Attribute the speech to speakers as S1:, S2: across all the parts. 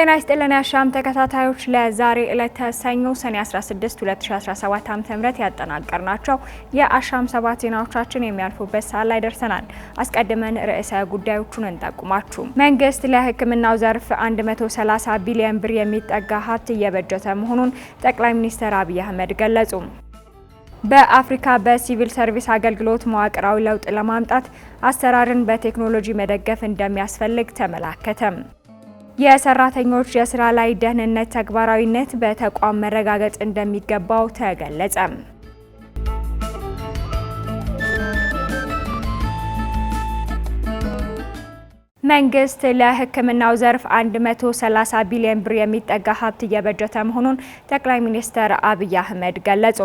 S1: ጤና ይስጥልን ያሻም ተከታታዮች ለዛሬ ዕለተ ሰኞ ሰኔ 16 2017 ዓ ም ያጠናቀርናቸው የአሻም ሰባት ዜናዎቻችን የሚያልፉበት ሰዓት ላይ ደርሰናል። አስቀድመን ርዕሰ ጉዳዮቹን እንጠቁማችሁ። መንግስት ለሕክምናው ዘርፍ 130 ቢሊዮን ብር የሚጠጋ ሀብት እየበጀተ መሆኑን ጠቅላይ ሚኒስትር አብይ አህመድ ገለጹ። በአፍሪካ በሲቪል ሰርቪስ አገልግሎት መዋቅራዊ ለውጥ ለማምጣት አሰራርን በቴክኖሎጂ መደገፍ እንደሚያስፈልግ ተመላከተም። የሰራተኞች የስራ ላይ ደህንነት ተግባራዊነት በተቋም መረጋገጥ እንደሚገባው ተገለጸ። መንግስት ለሕክምናው ዘርፍ 130 ቢሊዮን ብር የሚጠጋ ሀብት እየበጀተ መሆኑን ጠቅላይ ሚኒስትር አብይ አህመድ ገለጹ።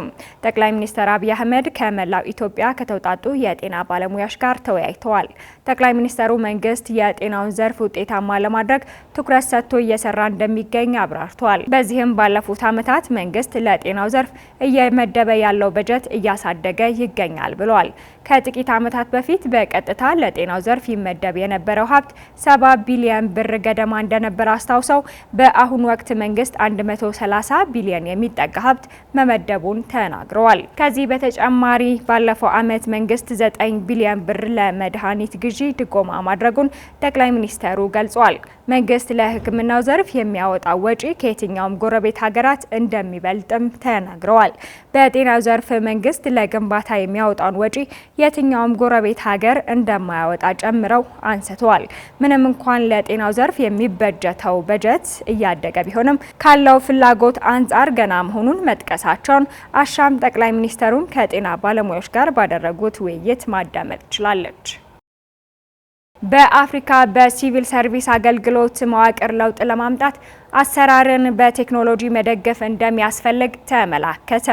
S1: ጠቅላይ ሚኒስትር አብይ አህመድ ከመላው ኢትዮጵያ ከተውጣጡ የጤና ባለሙያዎች ጋር ተወያይተዋል። ጠቅላይ ሚኒስትሩ መንግስት የጤናውን ዘርፍ ውጤታማ ለማድረግ ትኩረት ሰጥቶ እየሰራ እንደሚገኝ አብራርተዋል። በዚህም ባለፉት ዓመታት መንግስት ለጤናው ዘርፍ እየመደበ ያለው በጀት እያሳደገ ይገኛል ብለዋል። ከጥቂት ዓመታት በፊት በቀጥታ ለጤናው ዘርፍ ይመደብ የነበረው ሀብት ወቅት 70 ቢሊዮን ብር ገደማ እንደነበር አስታውሰው በአሁኑ ወቅት መንግስት 130 ቢሊዮን የሚጠጋ ሀብት መመደቡን ተናግረዋል። ከዚህ በተጨማሪ ባለፈው ዓመት መንግስት 9 ቢሊዮን ብር ለመድኃኒት ግዢ ድጎማ ማድረጉን ጠቅላይ ሚኒስተሩ ገልጿል። መንግስት ለሕክምናው ዘርፍ የሚያወጣው ወጪ ከየትኛውም ጎረቤት ሀገራት እንደሚበልጥም ተናግረዋል። በጤናው ዘርፍ መንግስት ለግንባታ የሚያወጣውን ወጪ የትኛውም ጎረቤት ሀገር እንደማያወጣ ጨምረው አንስተዋል። ምንም እንኳን ለጤናው ዘርፍ የሚበጀተው በጀት እያደገ ቢሆንም ካለው ፍላጎት አንጻር ገና መሆኑን መጥቀሳቸውን አሻም ጠቅላይ ሚኒስተሩን ከጤና ባለሙያዎች ጋር ባደረጉት ውይይት ማዳመጥ ችላለች። በአፍሪካ በሲቪል ሰርቪስ አገልግሎት መዋቅር ለውጥ ለማምጣት አሰራርን በቴክኖሎጂ መደገፍ እንደሚያስፈልግ ተመላከተ።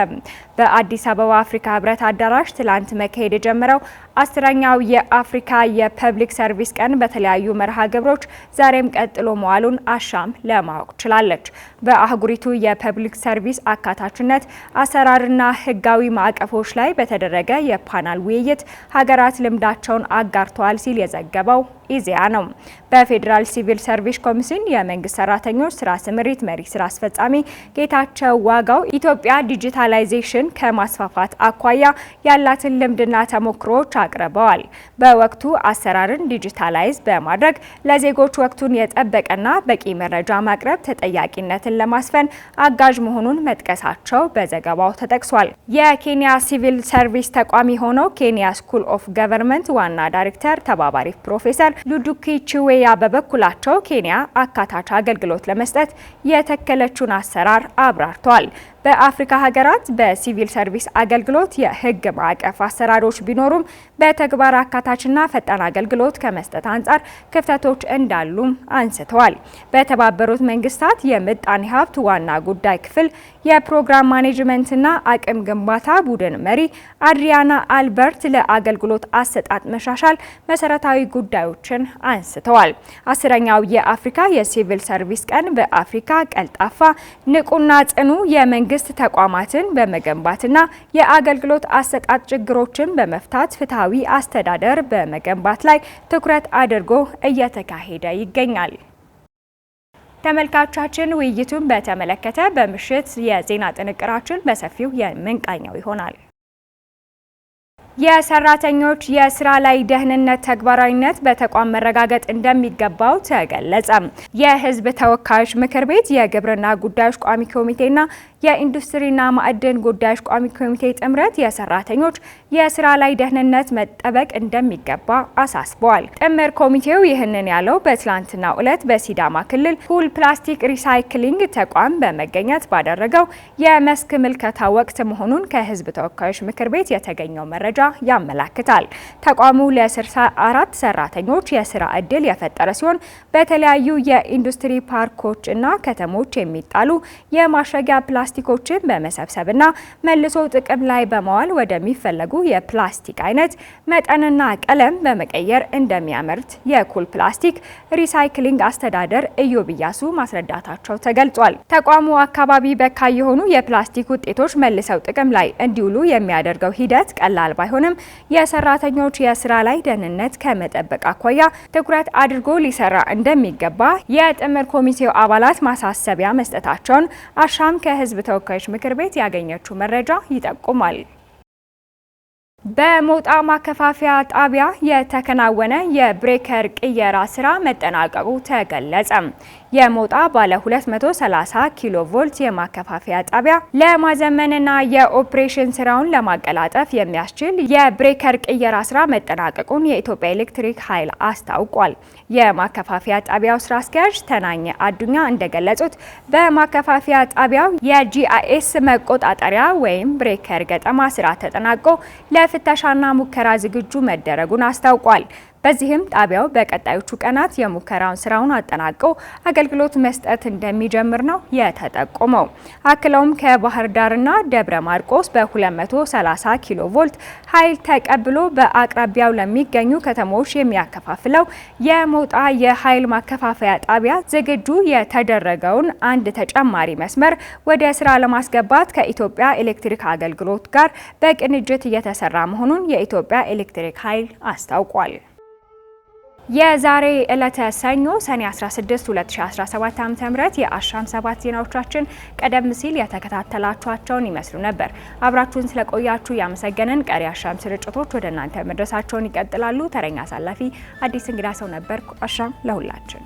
S1: በአዲስ አበባ አፍሪካ ህብረት አዳራሽ ትላንት መካሄድ የጀመረው አስረኛው የአፍሪካ የፐብሊክ ሰርቪስ ቀን በተለያዩ መርሃ ግብሮች ዛሬም ቀጥሎ መዋሉን አሻም ለማወቅ ችላለች። በአህጉሪቱ የፐብሊክ ሰርቪስ አካታችነት አሰራርና ህጋዊ ማዕቀፎች ላይ በተደረገ የፓናል ውይይት ሀገራት ልምዳቸውን አጋርተዋል ሲል የዘገበው ኢዜአ ነው። በፌዴራል ሲቪል ሰርቪስ ኮሚሽን የመንግስት ሰራተኞች ስራ ስምሪት መሪ ስራ አስፈጻሚ ጌታቸው ዋጋው ኢትዮጵያ ዲጂታላይዜሽን ከማስፋፋት አኳያ ያላትን ልምድና ተሞክሮዎች አቅርበዋል። በወቅቱ አሰራርን ዲጂታላይዝ በማድረግ ለዜጎች ወቅቱን የጠበቀና በቂ መረጃ ማቅረብ ተጠያቂነትን ለማስፈን አጋዥ መሆኑን መጥቀሳቸው በዘገባው ተጠቅሷል። የኬንያ ሲቪል ሰርቪስ ተቋሚ የሆነው ኬንያ ስኩል ኦፍ ገቨርንመንት ዋና ዳይሬክተር ተባባሪ ፕሮፌሰር ሉዱኪቺዌያ በበኩላቸው ኬንያ አካታች አገልግሎት ለመስጠት የተከለችውን አሰራር አብራርተዋል። በአፍሪካ ሀገራት በሲቪል ሰርቪስ አገልግሎት የህግ ማዕቀፍ አሰራሮች ቢኖሩም በተግባር አካታችና ፈጣን አገልግሎት ከመስጠት አንጻር ክፍተቶች እንዳሉም አንስተዋል። በተባበሩት መንግስታት የምጣኔ ሀብት ዋና ጉዳይ ክፍል የፕሮግራም ማኔጅመንትና አቅም ግንባታ ቡድን መሪ አድሪያና አልበርት ለአገልግሎት አሰጣጥ መሻሻል መሰረታዊ ጉዳዮች ጉዳዮችን አንስተዋል። አስረኛው የአፍሪካ የሲቪል ሰርቪስ ቀን በአፍሪካ ቀልጣፋ ንቁና ጽኑ የመንግስት ተቋማትን በመገንባትና የአገልግሎት አሰጣጥ ችግሮችን በመፍታት ፍትሐዊ አስተዳደር በመገንባት ላይ ትኩረት አድርጎ እየተካሄደ ይገኛል። ተመልካቻችን ውይይቱን በተመለከተ በምሽት የዜና ጥንቅራችን በሰፊው የምንቃኘው ይሆናል። የሰራተኞች የስራ ላይ ደህንነት ተግባራዊነት በተቋም መረጋገጥ እንደሚገባው ተገለጸ። የህዝብ ተወካዮች ምክር ቤት የግብርና ጉዳዮች ቋሚ ኮሚቴና የኢንዱስትሪና ማዕድን ጉዳዮች ቋሚ ኮሚቴ ጥምረት የሰራተኞች የስራ ላይ ደህንነት መጠበቅ እንደሚገባ አሳስበዋል። ጥምር ኮሚቴው ይህንን ያለው በትላንትናው ዕለት በሲዳማ ክልል ፑል ፕላስቲክ ሪሳይክሊንግ ተቋም በመገኘት ባደረገው የመስክ ምልከታ ወቅት መሆኑን ከህዝብ ተወካዮች ምክር ቤት የተገኘው መረጃ ያመላክታል። ተቋሙ ለ64 ሰራተኞች የስራ እድል የፈጠረ ሲሆን በተለያዩ የኢንዱስትሪ ፓርኮች እና ከተሞች የሚጣሉ የማሸጊያ ፕላስቲኮችን በመሰብሰብና መልሶ ጥቅም ላይ በመዋል ወደሚፈለጉ የፕላስቲክ አይነት መጠንና ቀለም በመቀየር እንደሚያመርት የኩል ፕላስቲክ ሪሳይክሊንግ አስተዳደር እዮብ እያሱ ማስረዳታቸው ተገልጿል። ተቋሙ አካባቢ በካይ የሆኑ የፕላስቲክ ውጤቶች መልሰው ጥቅም ላይ እንዲውሉ የሚያደርገው ሂደት ቀላል ባይሆን ቢሆንም የሰራተኞች የስራ ላይ ደህንነት ከመጠበቅ አኳያ ትኩረት አድርጎ ሊሰራ እንደሚገባ የጥምር ኮሚቴው አባላት ማሳሰቢያ መስጠታቸውን አሻም ከህዝብ ተወካዮች ምክር ቤት ያገኘችው መረጃ ይጠቁማል። በሞጣ ማከፋፈያ ጣቢያ የተከናወነ የብሬከር ቅየራ ስራ መጠናቀቁ ተገለጸ። የሞጣ ባለ 230 ኪሎ ቮልት የማከፋፈያ ጣቢያ ለማዘመንና የኦፕሬሽን ስራውን ለማቀላጠፍ የሚያስችል የብሬከር ቅየራ ስራ መጠናቀቁን የኢትዮጵያ ኤሌክትሪክ ኃይል አስታውቋል። የማከፋፈያ ጣቢያው ስራ አስኪያጅ ተናኘ አዱኛ እንደገለጹት በማከፋፈያ ጣቢያው የጂአይኤስ መቆጣጠሪያ ወይም ብሬከር ገጠማ ስራ ተጠናቆ ለፍተሻና ሙከራ ዝግጁ መደረጉን አስታውቋል። በዚህም ጣቢያው በቀጣዮቹ ቀናት የሙከራውን ስራውን አጠናቀው አገልግሎት መስጠት እንደሚጀምር ነው የተጠቆመው። አክለውም ከባህር ዳርና ደብረ ማርቆስ በ230 ኪሎ ቮልት ኃይል ተቀብሎ በአቅራቢያው ለሚገኙ ከተሞች የሚያከፋፍለው የሞጣ የኃይል ማከፋፈያ ጣቢያ ዝግጁ የተደረገውን አንድ ተጨማሪ መስመር ወደ ስራ ለማስገባት ከኢትዮጵያ ኤሌክትሪክ አገልግሎት ጋር በቅንጅት እየተሰራ መሆኑን የኢትዮጵያ ኤሌክትሪክ ኃይል አስታውቋል። የዛሬ ዕለተ ሰኞ ሰኔ 16 2017 ዓ.ም የአሻም ሰባት ዜናዎቻችን ቀደም ሲል የተከታተላችኋቸውን ይመስሉ ነበር። አብራችሁን ስለቆያችሁ ያመሰገንን። ቀሪ አሻም ስርጭቶች ወደ እናንተ መድረሳቸውን ይቀጥላሉ። ተረኛ አሳላፊ አዲስ እንግዳ ሰው ነበርኩ። አሻም ለሁላችን!